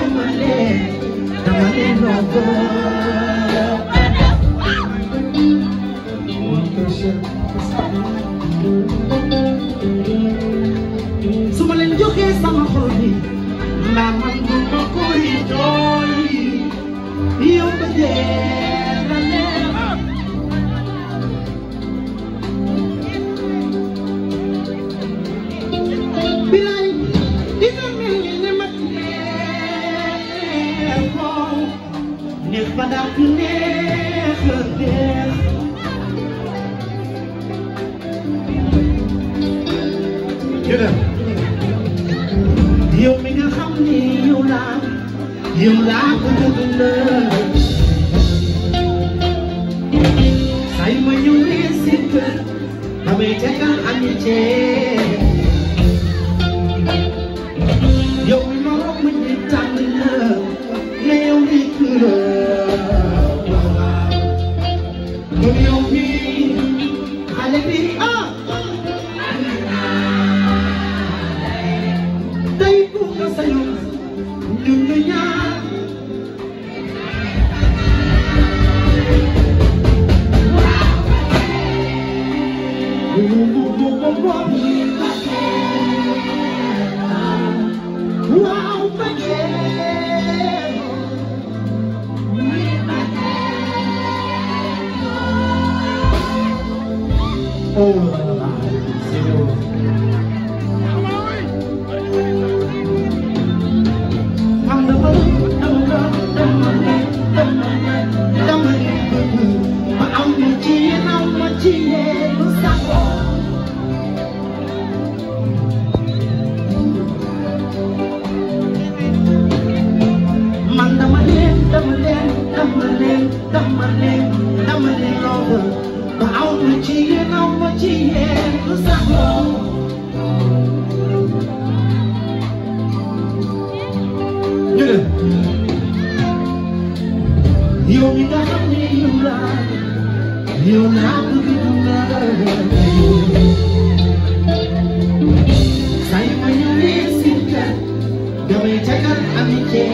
dama leen dama leen daal neex a neex ñu dem yow xam ni yow laa yow laa ko dundal ay ma ñëwee si kër damay tegal amitié yow mi ma romb ni na mais yow what we dama ne dama ne loolu ba aw ma ci yéen aw ma ci yéen lu sax mi nga xam ne yow laa yow laa bëgg saa yu ma ñëwee si kër damay jagal amitié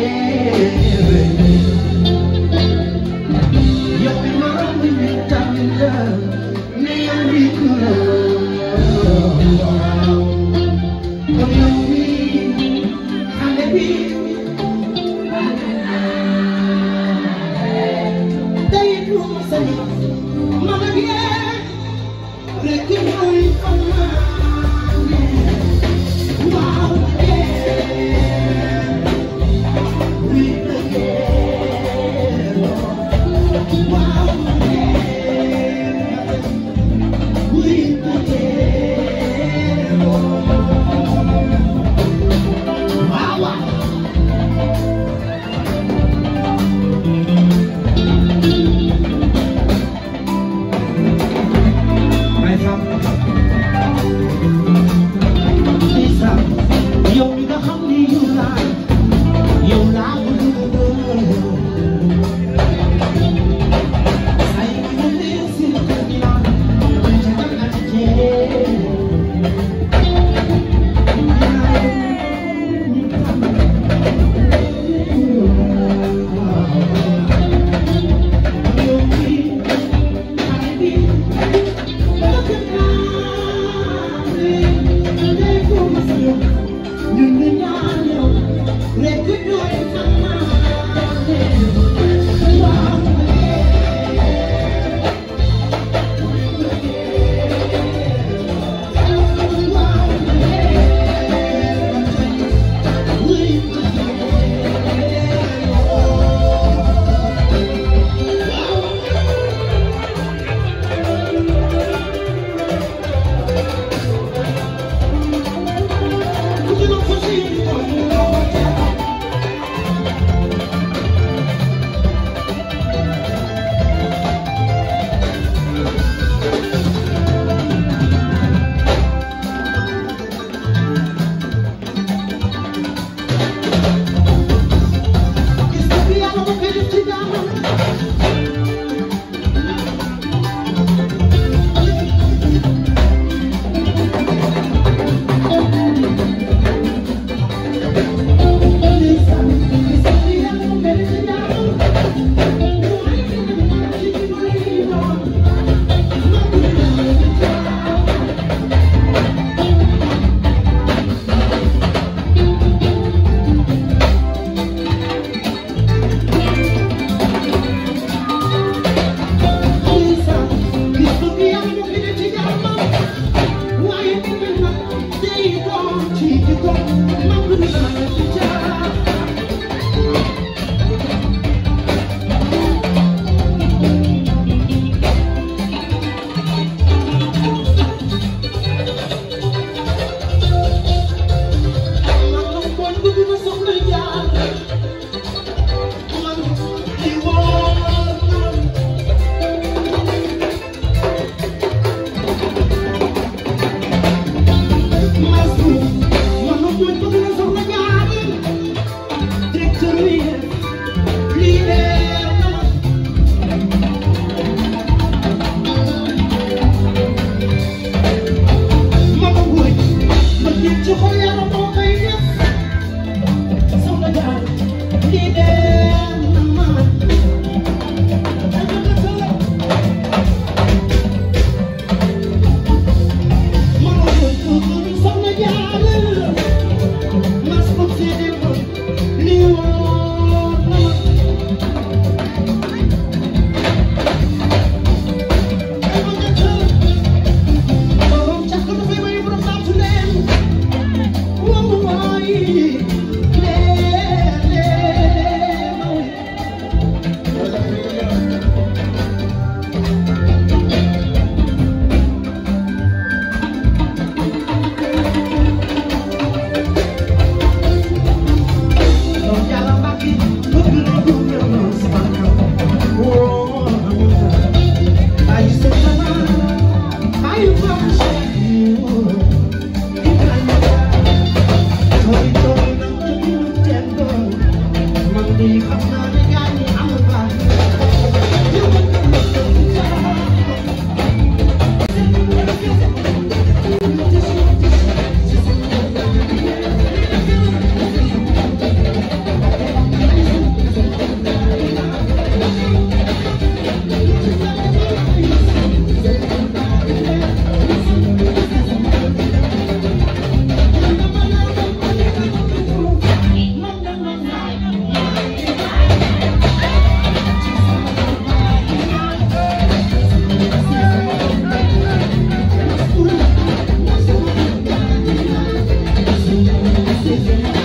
Thank you.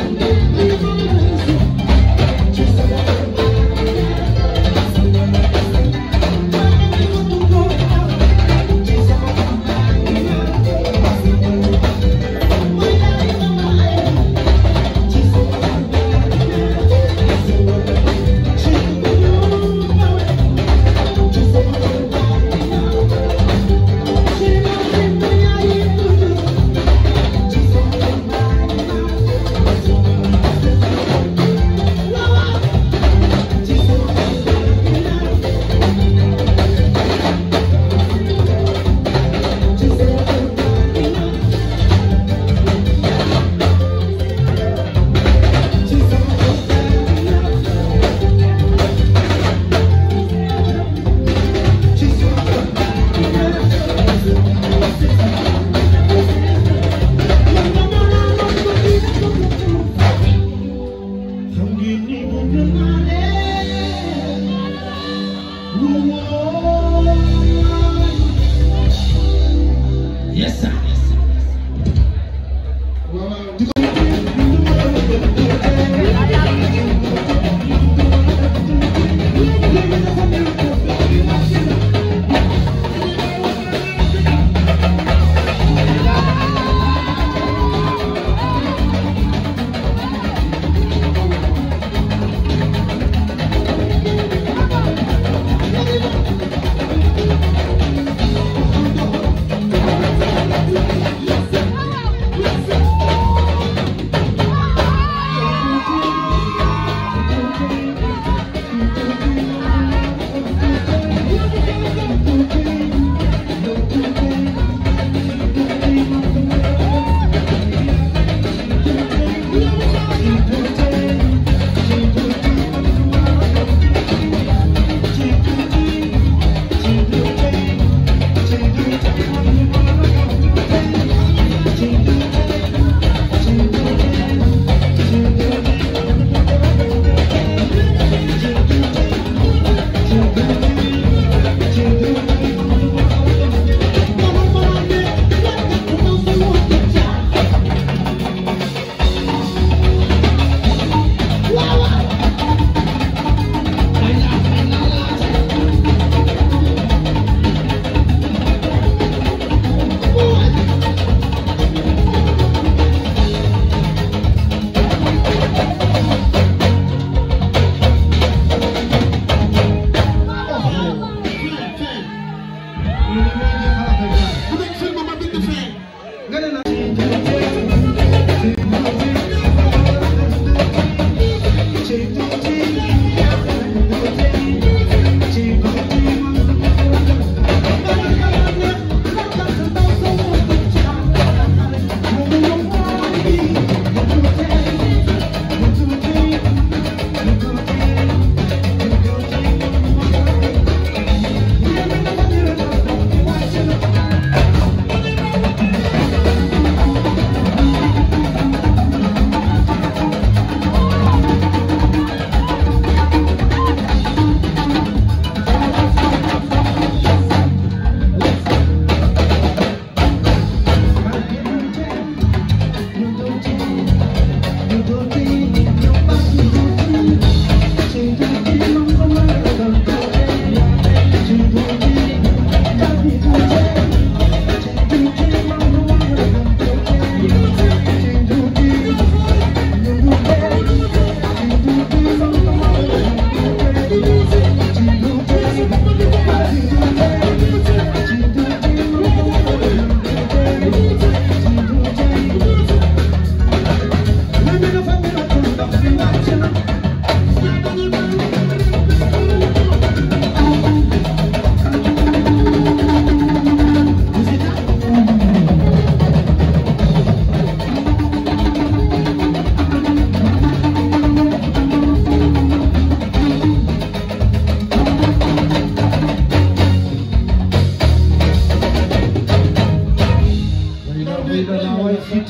Thank you.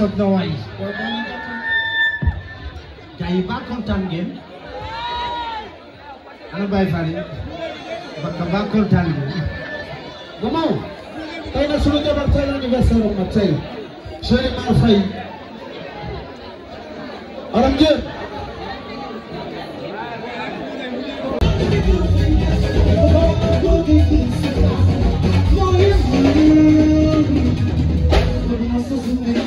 ak Noailles. gars yi baa kontaan ana Baye Fall yi. Bakka baa kontaan ngeen. ba maw. tey nag sunu jabar tey anniversaire am na tey. Chéri Mar Faye. Aram Dieng. Thank